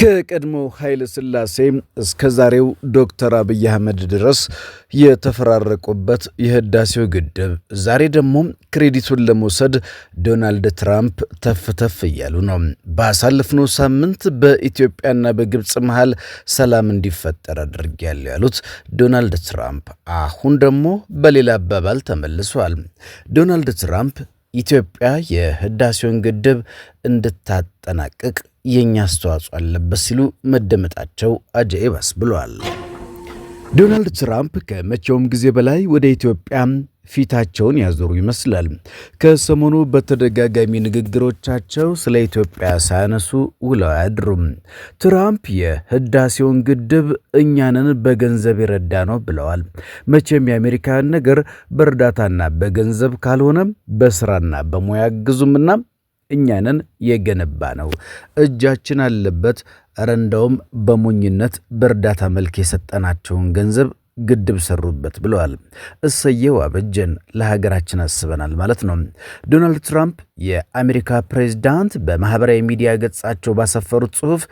ከቀድሞ ኃይለ ሥላሴ እስከ ዛሬው ዶክተር አብይ አህመድ ድረስ የተፈራረቁበት የህዳሴው ግድብ ዛሬ ደግሞ ክሬዲቱን ለመውሰድ ዶናልድ ትራምፕ ተፍተፍ እያሉ ነው። ባሳለፍነው ሳምንት በኢትዮጵያና በግብፅ መሃል ሰላም እንዲፈጠር አድርጌያለሁ ያሉት ዶናልድ ትራምፕ አሁን ደግሞ በሌላ አባባል ተመልሷል። ዶናልድ ትራምፕ ኢትዮጵያ የህዳሴውን ግድብ እንድታጠናቅቅ የእኛ አስተዋጽኦ አለበት ሲሉ መደመጣቸው አጀኤባስ አስብሏል። ዶናልድ ትራምፕ ከመቼውም ጊዜ በላይ ወደ ኢትዮጵያ ፊታቸውን ያዞሩ ይመስላል። ከሰሞኑ በተደጋጋሚ ንግግሮቻቸው ስለ ኢትዮጵያ ሳያነሱ ውለው አያድሩም። ትራምፕ የህዳሴውን ግድብ እኛንን በገንዘብ የረዳ ነው ብለዋል። መቼም የአሜሪካን ነገር በእርዳታና በገንዘብ ካልሆነ በስራና በሙያ ግዙምና እኛንን የገነባ ነው። እጃችን አለበት። እረ እንደውም በሞኝነት በእርዳታ መልክ የሰጠናቸውን ገንዘብ ግድብ ሰሩበት ብለዋል። እሰየው አበጀን፣ ለሀገራችን አስበናል ማለት ነው። ዶናልድ ትራምፕ የአሜሪካ ፕሬዝዳንት በማኅበራዊ ሚዲያ ገጻቸው ባሰፈሩት ጽሑፍ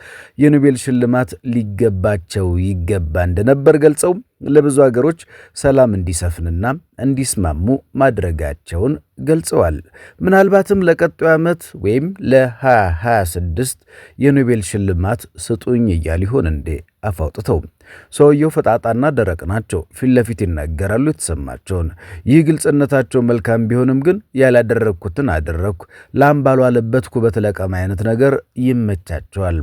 የኖቤል ሽልማት ሊገባቸው ይገባ እንደነበር ገልጸው ለብዙ አገሮች ሰላም እንዲሰፍንና እንዲስማሙ ማድረጋቸውን ገልጸዋል። ምናልባትም ለቀጣዩ ዓመት ወይም ለ2026 የኖቤል ሽልማት ስጡኝ እያል ይሆን እንዴ? አፋውጥተው ሰውየው ፈጣጣና ደረቅ ናቸው። ፊት ለፊት ይናገራሉ የተሰማቸውን። ይህ ግልጽነታቸው መልካም ቢሆንም ግን ያላደረግኩትን አደረግኩ ለአምባሉ አለበት ኩበት ለቀማ አይነት ነገር ይመቻቸዋል።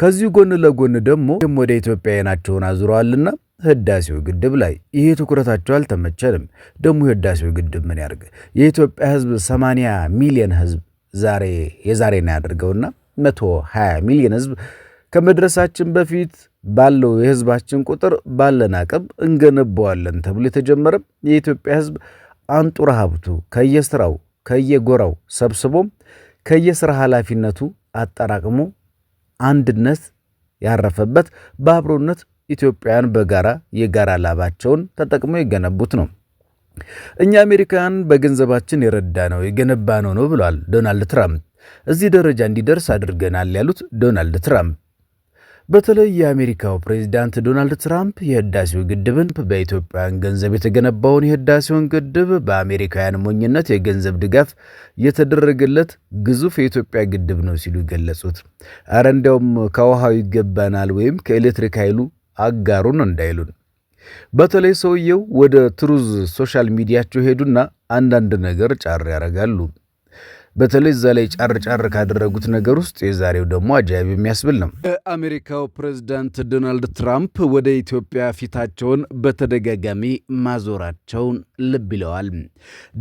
ከዚሁ ጎን ለጎን ደግሞ ወደ ኢትዮጵያ አይናቸውን አዙረዋልና ህዳሴው ግድብ ላይ ይህ ትኩረታቸው አልተመቸንም። ደግሞ የህዳሴው ግድብ ምን ያርግ? የኢትዮጵያ ህዝብ 80 ሚሊዮን ህዝብ ዛሬ ነው ያደርገውና 120 ሚሊዮን ህዝብ ከመድረሳችን በፊት ባለው የህዝባችን ቁጥር ባለን አቅም እንገነባዋለን ተብሎ የተጀመረም የኢትዮጵያ ህዝብ አንጡራ ሀብቱ ከየስራው ከየጎራው ሰብስቦም ከየስራ ኃላፊነቱ አጠራቅሞ አንድነት ያረፈበት በአብሮነት ኢትዮጵያውያን በጋራ የጋራ ላባቸውን ተጠቅመው የገነቡት ነው። እኛ አሜሪካን በገንዘባችን የረዳ ነው የገነባ ነው ነው ብሏል ዶናልድ ትራምፕ። እዚህ ደረጃ እንዲደርስ አድርገናል ያሉት ዶናልድ ትራምፕ በተለይ የአሜሪካው ፕሬዚዳንት ዶናልድ ትራምፕ የህዳሴው ግድብን በኢትዮጵያውያን ገንዘብ የተገነባውን የህዳሴውን ግድብ በአሜሪካውያን ሞኝነት የገንዘብ ድጋፍ የተደረገለት ግዙፍ የኢትዮጵያ ግድብ ነው ሲሉ ገለጹት። አረ እንዲያውም ከውሃው ይገባናል ወይም ከኤሌክትሪክ ኃይሉ አጋሩን እንዳይሉን። በተለይ ሰውየው ወደ ትሩዝ ሶሻል ሚዲያቸው ሄዱና አንዳንድ ነገር ጫር ያደርጋሉ። በተለይ እዛ ላይ ጫር ጫር ካደረጉት ነገር ውስጥ የዛሬው ደግሞ አጃይብ የሚያስብል ነው። የአሜሪካው ፕሬዝዳንት ዶናልድ ትራምፕ ወደ ኢትዮጵያ ፊታቸውን በተደጋጋሚ ማዞራቸውን ልብ ይለዋል።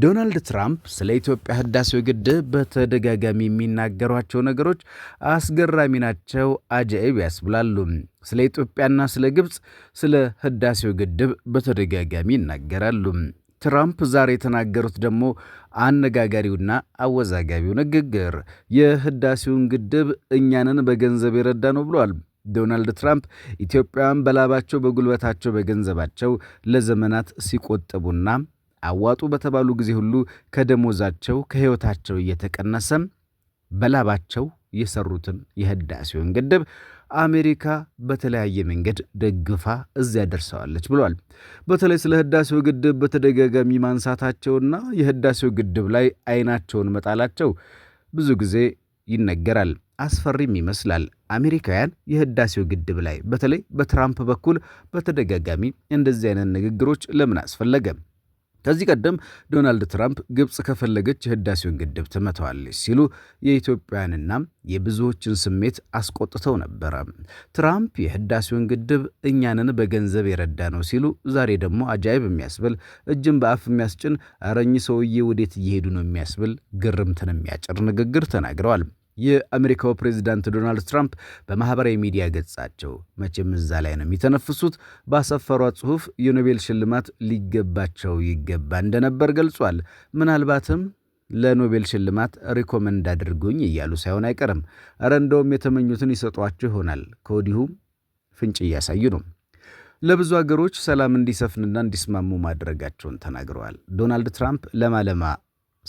ዶናልድ ትራምፕ ስለ ኢትዮጵያ ህዳሴው ግድብ በተደጋጋሚ የሚናገሯቸው ነገሮች አስገራሚ ናቸው፣ አጃይብ ያስብላሉ። ስለ ኢትዮጵያና ስለ ግብፅ፣ ስለ ህዳሴው ግድብ በተደጋጋሚ ይናገራሉ። ትራምፕ ዛሬ የተናገሩት ደግሞ አነጋጋሪውና አወዛጋቢው ንግግር የህዳሴውን ግድብ እኛንን በገንዘብ የረዳ ነው ብለዋል። ዶናልድ ትራምፕ ኢትዮጵያውያን በላባቸው በጉልበታቸው፣ በገንዘባቸው ለዘመናት ሲቆጥቡና አዋጡ በተባሉ ጊዜ ሁሉ ከደሞዛቸው ከህይወታቸው እየተቀነሰ በላባቸው የሰሩትን የህዳሴውን ግድብ አሜሪካ በተለያየ መንገድ ደግፋ እዚያ ደርሰዋለች ብሏል። በተለይ ስለ ህዳሴው ግድብ በተደጋጋሚ ማንሳታቸውና የህዳሴው ግድብ ላይ አይናቸውን መጣላቸው ብዙ ጊዜ ይነገራል። አስፈሪም ይመስላል። አሜሪካውያን የህዳሴው ግድብ ላይ በተለይ በትራምፕ በኩል በተደጋጋሚ እንደዚህ አይነት ንግግሮች ለምን አስፈለገ? ከዚህ ቀደም ዶናልድ ትራምፕ ግብፅ ከፈለገች የህዳሴውን ግድብ ትመታዋለች ሲሉ የኢትዮጵያንና የብዙዎችን ስሜት አስቆጥተው ነበረ። ትራምፕ የህዳሴውን ግድብ እኛንን በገንዘብ የረዳ ነው ሲሉ፣ ዛሬ ደግሞ አጃይብ የሚያስብል እጅን በአፍ የሚያስጭን አረኝ ሰውዬ ወዴት እየሄዱ ነው የሚያስብል ግርምትን የሚያጭር ንግግር ተናግረዋል። የአሜሪካው ፕሬዚዳንት ዶናልድ ትራምፕ በማኅበራዊ ሚዲያ ገጻቸው መቼም እዛ ላይ ነው የሚተነፍሱት ባሰፈሯት ጽሑፍ የኖቤል ሽልማት ሊገባቸው ይገባ እንደነበር ገልጿል። ምናልባትም ለኖቤል ሽልማት ሪኮመንድ አድርጉኝ እያሉ ሳይሆን አይቀርም። እረ እንደውም የተመኙትን ይሰጧቸው ይሆናል። ከወዲሁም ፍንጭ እያሳዩ ነው። ለብዙ አገሮች ሰላም እንዲሰፍንና እንዲስማሙ ማድረጋቸውን ተናግረዋል። ዶናልድ ትራምፕ ለማለማ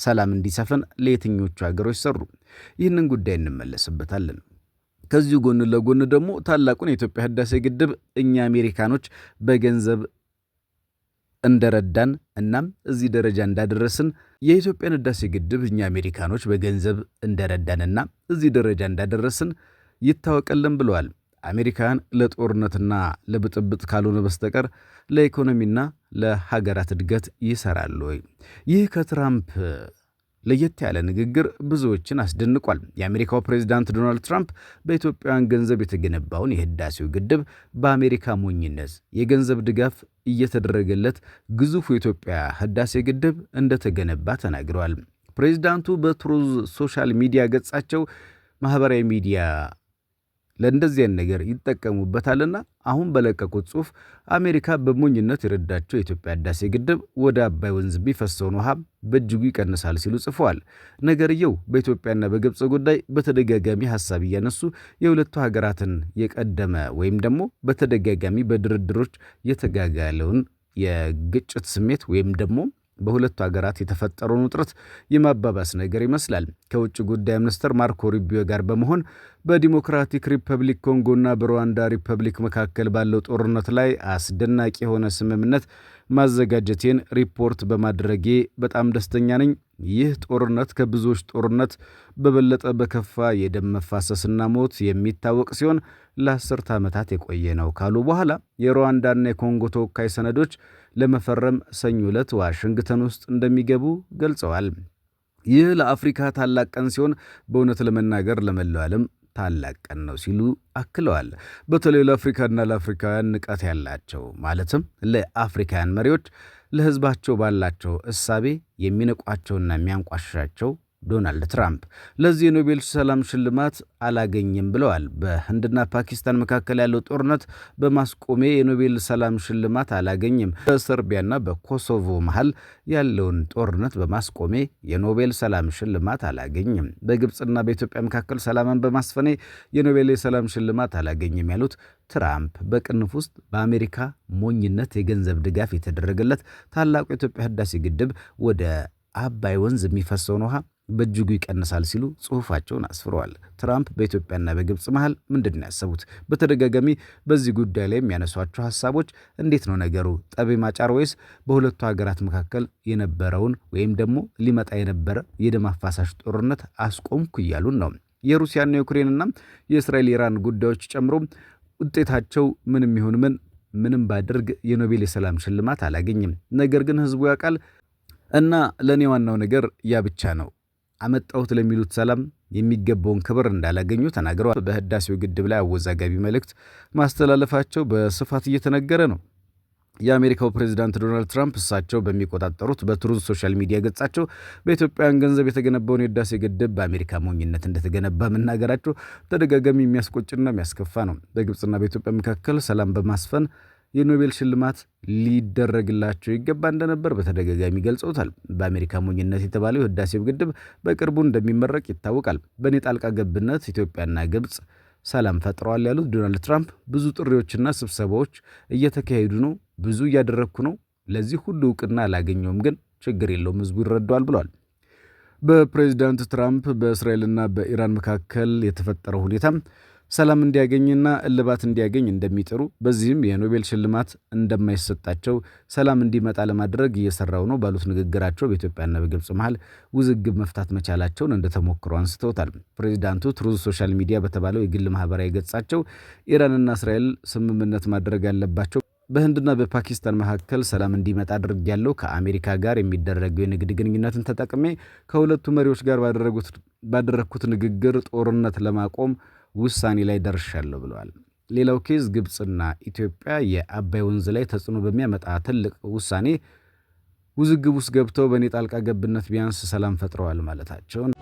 ሰላም እንዲሰፍን ለየትኞቹ ሀገሮች ሰሩ? ይህንን ጉዳይ እንመለስበታለን። ከዚሁ ጎን ለጎን ደግሞ ታላቁን የኢትዮጵያ ህዳሴ ግድብ እኛ አሜሪካኖች በገንዘብ እንደረዳን እናም እዚህ ደረጃ እንዳደረስን የኢትዮጵያን ህዳሴ ግድብ እኛ አሜሪካኖች በገንዘብ እንደረዳንና እዚህ ደረጃ እንዳደረስን ይታወቀልን ብለዋል። አሜሪካን ለጦርነትና ለብጥብጥ ካልሆነ በስተቀር ለኢኮኖሚና ለሀገራት እድገት ይሰራሉ ወይ? ይህ ከትራምፕ ለየት ያለ ንግግር ብዙዎችን አስደንቋል። የአሜሪካው ፕሬዚዳንት ዶናልድ ትራምፕ በኢትዮጵያውያን ገንዘብ የተገነባውን የህዳሴው ግድብ በአሜሪካ ሞኝነት የገንዘብ ድጋፍ እየተደረገለት ግዙፉ የኢትዮጵያ ህዳሴ ግድብ እንደተገነባ ተናግረዋል። ፕሬዚዳንቱ በትሩዝ ሶሻል ሚዲያ ገጻቸው ማህበራዊ ሚዲያ ለእንደዚህ አይነት ነገር ይጠቀሙበታልና አሁን በለቀቁት ጽሁፍ አሜሪካ በሞኝነት የረዳቸው የኢትዮጵያ ህዳሴ ግድብ ወደ አባይ ወንዝ የሚፈሰውን ውሃ በእጅጉ ይቀንሳል ሲሉ ጽፈዋል። ነገርየው በኢትዮጵያና በግብፅ ጉዳይ በተደጋጋሚ ሀሳብ እያነሱ የሁለቱ ሀገራትን የቀደመ ወይም ደግሞ በተደጋጋሚ በድርድሮች የተጋጋለውን የግጭት ስሜት ወይም ደግሞ በሁለቱ ሀገራት የተፈጠረውን ውጥረት የማባባስ ነገር ይመስላል። ከውጭ ጉዳይ ሚኒስትር ማርኮ ሩቢዮ ጋር በመሆን በዲሞክራቲክ ሪፐብሊክ ኮንጎና በሩዋንዳ ሪፐብሊክ መካከል ባለው ጦርነት ላይ አስደናቂ የሆነ ስምምነት ማዘጋጀቴን ሪፖርት በማድረጌ በጣም ደስተኛ ነኝ። ይህ ጦርነት ከብዙዎች ጦርነት በበለጠ በከፋ የደም መፋሰስና ሞት የሚታወቅ ሲሆን ለአስርተ ዓመታት የቆየ ነው ካሉ በኋላ የሩዋንዳና የኮንጎ ተወካይ ሰነዶች ለመፈረም ሰኞ ዕለት ዋሽንግተን ውስጥ እንደሚገቡ ገልጸዋል። ይህ ለአፍሪካ ታላቅ ቀን ሲሆን በእውነት ለመናገር ለመላው ዓለም ታላቅ ቀን ነው ሲሉ አክለዋል። በተለይ ለአፍሪካና ለአፍሪካውያን ንቃት ያላቸው ማለትም ለአፍሪካውያን መሪዎች ለሕዝባቸው ባላቸው እሳቤ የሚነቋቸውና የሚያንቋሽሻቸው ዶናልድ ትራምፕ ለዚህ የኖቤል ሰላም ሽልማት አላገኝም ብለዋል። በህንድና ፓኪስታን መካከል ያለው ጦርነት በማስቆሜ የኖቤል ሰላም ሽልማት አላገኝም፣ በሰርቢያና በኮሶቮ መሃል ያለውን ጦርነት በማስቆሜ የኖቤል ሰላም ሽልማት አላገኝም፣ በግብፅና በኢትዮጵያ መካከል ሰላምን በማስፈኔ የኖቤል የሰላም ሽልማት አላገኝም ያሉት ትራምፕ በቅንፍ ውስጥ በአሜሪካ ሞኝነት የገንዘብ ድጋፍ የተደረገለት ታላቁ የኢትዮጵያ ህዳሴ ግድብ ወደ አባይ ወንዝ የሚፈሰውን ውሃ በእጅጉ ይቀንሳል ሲሉ ጽሑፋቸውን አስፍረዋል። ትራምፕ በኢትዮጵያና በግብፅ መሃል ምንድን ነው ያሰቡት? በተደጋጋሚ በዚህ ጉዳይ ላይ የሚያነሷቸው ሀሳቦች እንዴት ነው ነገሩ? ጠብ ማጫር ወይስ በሁለቱ ሀገራት መካከል የነበረውን ወይም ደግሞ ሊመጣ የነበረ የደም አፋሳሽ ጦርነት አስቆምኩ እያሉን ነው። የሩሲያና የዩክሬንና የእስራኤል ኢራን ጉዳዮች ጨምሮ ውጤታቸው ምንም ይሁን ምን ምንም ባደርግ የኖቤል የሰላም ሽልማት አላገኝም። ነገር ግን ህዝቡ ያውቃል እና ለእኔ ዋናው ነገር ያ ብቻ ነው። አመጣሁት ለሚሉት ሰላም የሚገባውን ክብር እንዳላገኙ ተናግረዋል። በህዳሴው ግድብ ላይ አወዛጋቢ መልእክት ማስተላለፋቸው በስፋት እየተነገረ ነው። የአሜሪካው ፕሬዚዳንት ዶናልድ ትራምፕ እሳቸው በሚቆጣጠሩት በትሩዝ ሶሻል ሚዲያ ገጻቸው በኢትዮጵያውያን ገንዘብ የተገነባውን የህዳሴ ግድብ በአሜሪካ ሞኝነት እንደተገነባ መናገራቸው ተደጋጋሚ የሚያስቆጭና የሚያስከፋ ነው። በግብፅና በኢትዮጵያ መካከል ሰላም በማስፈን የኖቤል ሽልማት ሊደረግላቸው ይገባ እንደነበር በተደጋጋሚ ገልጸውታል። በአሜሪካ ሞኝነት የተባለው የህዳሴው ግድብ በቅርቡ እንደሚመረቅ ይታወቃል። በእኔ ጣልቃ ገብነት ኢትዮጵያና ግብፅ ሰላም ፈጥረዋል ያሉት ዶናልድ ትራምፕ ብዙ ጥሪዎችና ስብሰባዎች እየተካሄዱ ነው፣ ብዙ እያደረግኩ ነው፣ ለዚህ ሁሉ እውቅና አላገኘውም፣ ግን ችግር የለውም ህዝቡ ይረዳዋል ብለዋል። በፕሬዚዳንት ትራምፕ በእስራኤልና በኢራን መካከል የተፈጠረው ሁኔታ ሰላም እንዲያገኝና እልባት እንዲያገኝ እንደሚጥሩ በዚህም የኖቤል ሽልማት እንደማይሰጣቸው ሰላም እንዲመጣ ለማድረግ እየሰራው ነው ባሉት ንግግራቸው በኢትዮጵያና በግብፅ መሀል ውዝግብ መፍታት መቻላቸውን ተሞክሮ አንስተውታል። ፕሬዚዳንቱ ትሩዝ ሶሻል ሚዲያ በተባለው የግል ማህበራዊ ገጻቸው ኢራንና እስራኤል ስምምነት ማድረግ አለባቸው በህንድና በፓኪስታን መካከል ሰላም እንዲመጣ አድርጌያለሁ። ከአሜሪካ ጋር የሚደረገው የንግድ ግንኙነትን ተጠቅሜ ከሁለቱ መሪዎች ጋር ባደረግኩት ንግግር ጦርነት ለማቆም ውሳኔ ላይ ደርሻለሁ ብለዋል። ሌላው ኬዝ ግብፅና ኢትዮጵያ የአባይ ወንዝ ላይ ተጽዕኖ በሚያመጣ ትልቅ ውሳኔ ውዝግብ ውስጥ ገብተው በእኔ ጣልቃ ገብነት ቢያንስ ሰላም ፈጥረዋል ማለታቸውን